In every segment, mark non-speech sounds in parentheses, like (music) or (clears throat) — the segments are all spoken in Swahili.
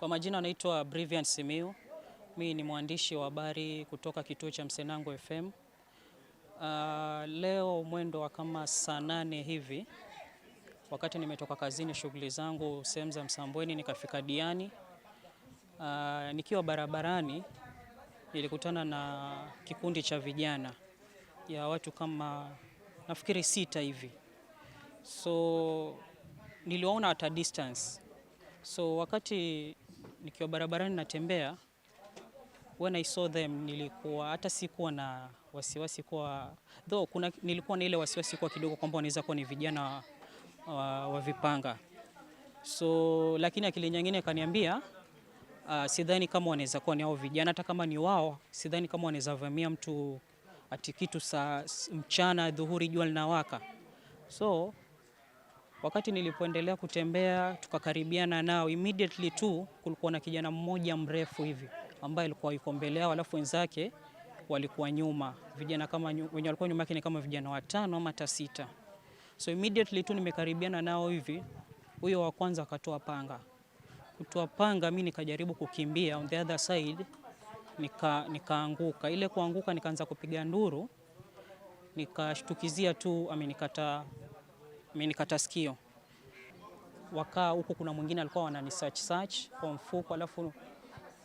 Kwa majina anaitwa Brivian Simiu. Mimi ni mwandishi wa habari kutoka kituo cha Msenango FM. Uh, ah, leo mwendo wa kama saa nane hivi wakati nimetoka kazini shughuli zangu sehemu za Msambweni nikafika Diani. Uh, nikiwa barabarani nilikutana na kikundi cha vijana ya watu kama nafikiri sita hivi, so niliwaona at a distance. So wakati nikiwa barabarani natembea, when I saw them nilikuwa hata sikuwa na wasiwasi kwa though, kuna nilikuwa na ile wasiwasi kwa kidogo kwamba wanaweza kuwa ni vijana wa, wa vipanga so, lakini akili nyingine kaniambia uh, ah, sidhani kama wanaweza kuwa ni hao vijana. Hata kama ni wao, sidhani kama wanaweza vamia mtu ati kitu saa mchana, dhuhuri, jua linawaka so Wakati nilipoendelea kutembea tukakaribiana nao, immediately tu kulikuwa na kijana mmoja mrefu hivi ambaye alikuwa yuko mbele yao, alafu wenzake walikuwa nyuma. Vijana kama wenye walikuwa nyuma yake ni kama vijana watano ama hata sita. So immediately tu nimekaribiana nao hivi, huyo wa kwanza akatoa panga. Kutoa panga, mimi nikajaribu kukimbia on the other side, nika nikaanguka. Ile kuanguka nikaanza kupiga nduru, nikashtukizia tu amenikata mimi nikata sikio. Wakaa huko, kuna mwingine alikuwa wanani search search kwa mfuko, alafu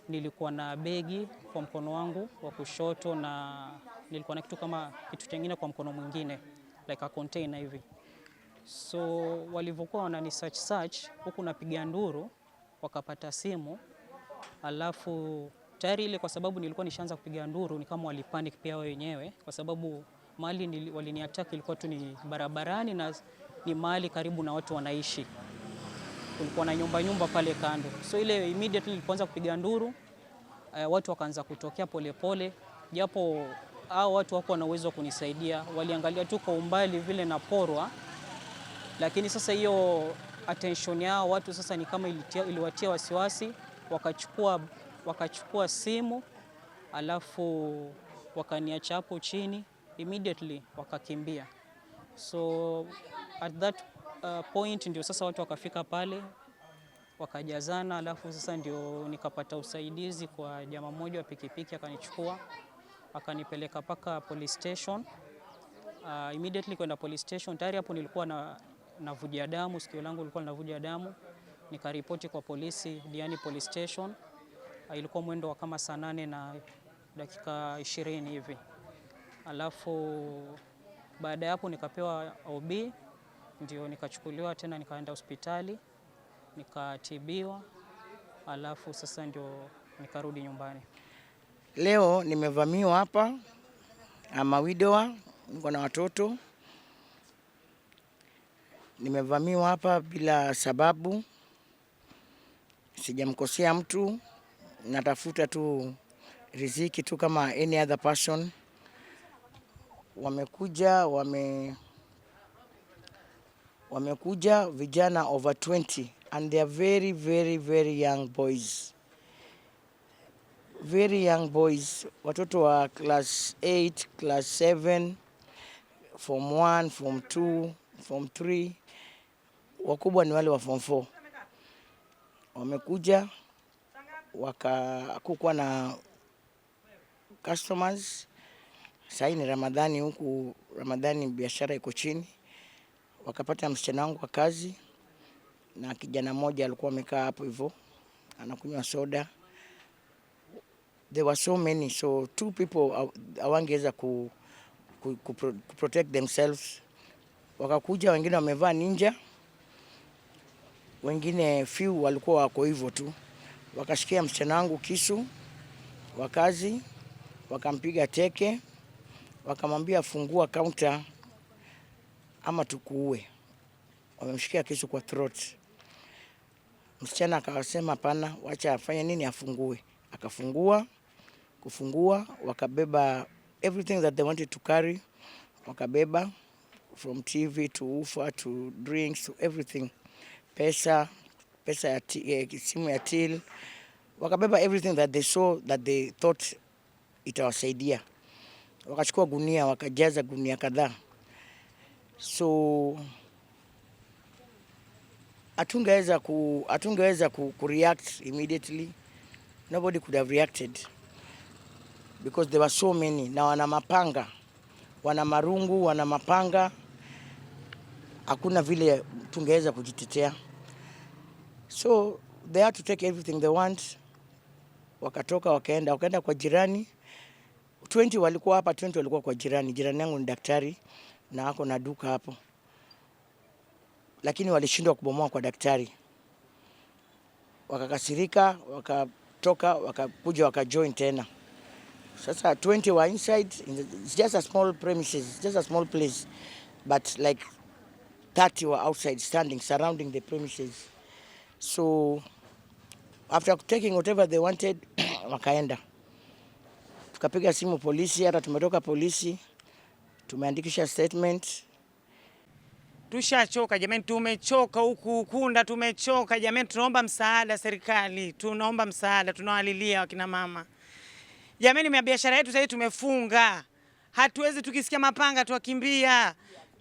nilikuwa na begi kwa mkono wangu wa kushoto na nilikuwa na kitu kama kitu kingine kwa mkono mwingine like a container hivi. So walivyokuwa wanani search search huku napiga nduru, wakapata simu alafu tayari ile, kwa sababu nilikuwa nishaanza kupiga nduru, ni kama walipanic pia wao wenyewe, kwa sababu mali waliniattack ilikuwa tu ni barabarani na ni mahali karibu na watu wanaishi, kulikuwa na nyumba nyumba pale kando, so ile immediately nilipoanza kupiga nduru uh, watu wakaanza kutokea polepole, japo hao watu wako na uwezo wa kunisaidia, waliangalia tu kwa umbali vile na porwa, lakini sasa hiyo attention yao watu sasa ni kama ilitia, iliwatia wasiwasi, wakachukua wakachukua simu alafu wakaniacha hapo chini immediately wakakimbia so at that uh, point ndio sasa watu wakafika pale wakajazana, alafu sasa ndio nikapata usaidizi kwa jamaa mmoja wa pikipiki, akanichukua akanipeleka paka police station. Uh, immediately kwenda police station, tayari hapo nilikuwa na navuja damu, sikio langu lilikuwa linavuja damu, nikaripoti kwa polisi Diani police station. Uh, ilikuwa mwendo wa kama saa nane na dakika ishirini hivi, alafu baada ya hapo nikapewa OB ndio nikachukuliwa tena nikaenda hospitali nikatibiwa, alafu sasa ndio nikarudi nyumbani. Leo nimevamiwa hapa ama widowa, niko na watoto. Nimevamiwa hapa bila sababu, sijamkosea mtu, natafuta tu riziki tu kama any other person. Wamekuja wame wamekuja vijana over 20 and they are very very very young boys very young boys, watoto wa class 8, class 7, form 1, form 2, form 3. Wakubwa ni wale wa form 4 wamekuja wakakukwa na customers. sahii ni Ramadhani huku, Ramadhani biashara iko chini wakapata msichana wangu wa kazi na kijana mmoja alikuwa amekaa hapo hivyo anakunywa soda. There were so many so two people hawangeweza ku, ku, ku, ku protect themselves. Wakakuja wengine wamevaa ninja, wengine few walikuwa wako hivyo tu, wakashikia msichana wangu kisu wakazi, wakampiga teke, wakamwambia fungua kaunta ama tukuue. Wamemshikia kisu kwa throat. Msichana akawasema hapana, wacha afanye nini, afungue. Akafungua, kufungua, wakabeba everything that they wanted to carry, wakabeba from TV to ufa to drinks to everything, pesa pesa ya eh, simu ya till, wakabeba everything that they saw that they thought itawasaidia. Wakachukua gunia, wakajaza gunia kadhaa so hatungeweza ku, hatungeweza ku, ku react immediately. Nobody could have reacted because there were so many, na wana mapanga, wana marungu, wana mapanga. Hakuna vile tungeweza kujitetea, so they had to take everything they want. Wakatoka wakaenda, wakaenda kwa jirani. 20 walikuwa hapa, 20 walikuwa kwa jirani. Jirani yangu ni daktari na ako na duka hapo, lakini walishindwa kubomoa kwa daktari, wakakasirika, wakatoka, wakakuja, wakajoin tena. Sasa 20 wa inside. It's just a small premises, it's just a small place but like 30 were outside standing surrounding the premises so after taking whatever they wanted (clears throat) wakaenda, tukapiga simu polisi, hata tumetoka polisi tumeandikisha statement. Tushachoka jamani, tumechoka huku Ukunda, tumechoka jamani, tunaomba msaada serikali, tunaomba msaada, tunawalilia wakina mama jamani, mia biashara yetu sasa tumefunga, hatuwezi tukisikia mapanga tuwakimbia,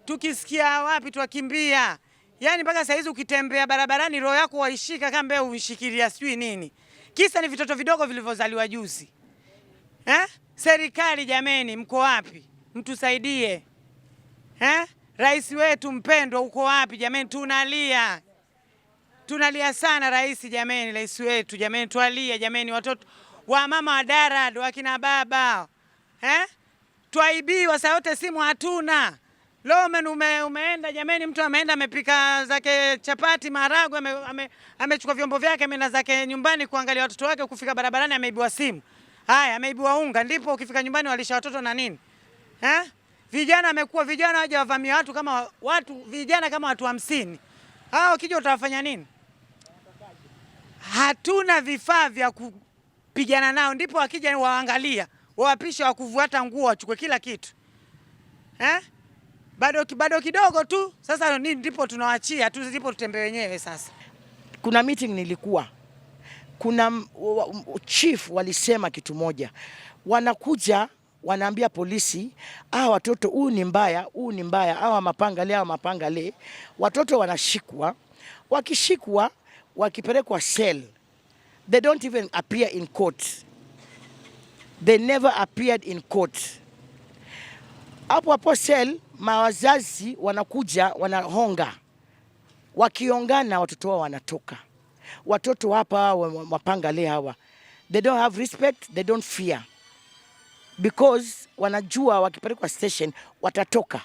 tukisikia wapi tuwakimbia. Yaani mpaka saa hizi ukitembea barabarani roho yako waishika kama umshikilia sijui nini, kisa ni vitoto vidogo vilivyozaliwa juzi eh? Serikali jameni, mko wapi? mtusaidie ha? Rais wetu mpendwa uko wapi jameni? Tunalia, tunalia sana rais jameni, rais wetu jameni, twalia jameni, watoto wa mama wa dara wakina baba ha? Twaibiwa saa yote, simu hatuna. Lomen ume, umeenda jameni, mtu ameenda amepika zake chapati maharagwe, amechukua ame, vyombo vyake ameenda zake nyumbani kuangalia watoto wake, kufika barabarani ameibiwa simu. Haya, ameibiwa unga, ndipo ukifika nyumbani walisha watoto na nini? eh? Vijana amekuwa vijana waje wavamia watu kama watu vijana kama watu hamsini. Hao wakija utawafanya nini? Hatuna vifaa vya kupigana nao, ndipo wakija waangalia, wawapisha, wakuvuata nguo, wachukue kila kitu eh? Bado, bado kidogo tu sasa ni, ndipo tunawachia tu, ndipo tutembee wenyewe sasa. Kuna meeting nilikuwa kuna chief walisema kitu moja, wanakuja wanaambia polisi, ah, watoto huu ni mbaya, huu ni mbaya, hawa mapanga le, hawa mapanga le. Watoto wanashikwa, wakishikwa wakipelekwa cell, they don't even appear in court, they never appeared in court. Hapo hapo cell, mawazazi wanakuja wanahonga, wakiongana watoto wao wanatoka. Watoto hapa mapanga le hawa, they don't have respect, they don't fear because wanajua wakipelekwa station watatoka.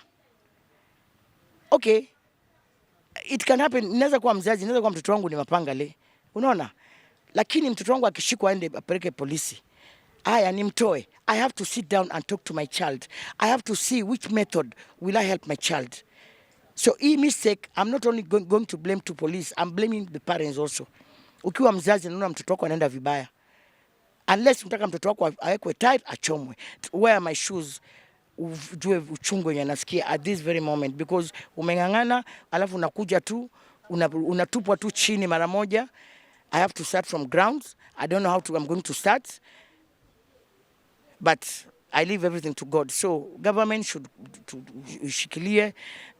Okay, it can happen. Inaweza kuwa mzazi, inaweza kuwa mtoto wangu ni mapanga le, unaona, lakini mtoto wangu akishikwa aende apeleke polisi Aya, nimtoe. I have to sit down and talk to my child. I have to see which method will I help my child. So hii mistake, I'm not only going, going to blame to police, I'm blaming the parents also. Ukiwa mzazi naona mtoto wako anaenda vibaya unless unataka mtoto wako awekwe tight, achomwe. Wear my shoes ujue uchungu wenye anasikia at this very moment, because umeng'ang'ana, alafu unakuja tu unatupwa una tu chini mara moja. I have to start from ground. I don't know how to, I'm going to start but I leave everything to God. So government should ishikilie,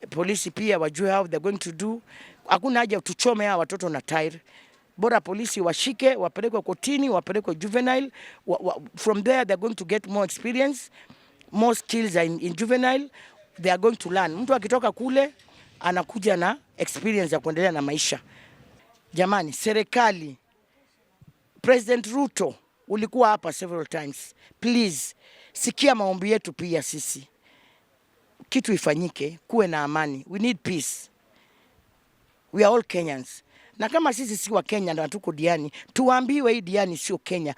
polisi pia wajue how they're going to do. Hakuna haja tuchome hawa watoto na tire bora polisi washike, wapelekwe kotini, wapelekwe juvenile wa, wa, from there are going to get more experience more skills in, in juvenile they are going to learn. Mtu akitoka kule anakuja na experience ya kuendelea na maisha. Jamani, serikali, President Ruto ulikuwa hapa several times, please sikia maombi yetu pia sisi, kitu ifanyike, kuwe na amani, we need peace, we are all Kenyans na kama sisi si wa Kenya na tuko diani, tuambiwe hii diani sio Kenya.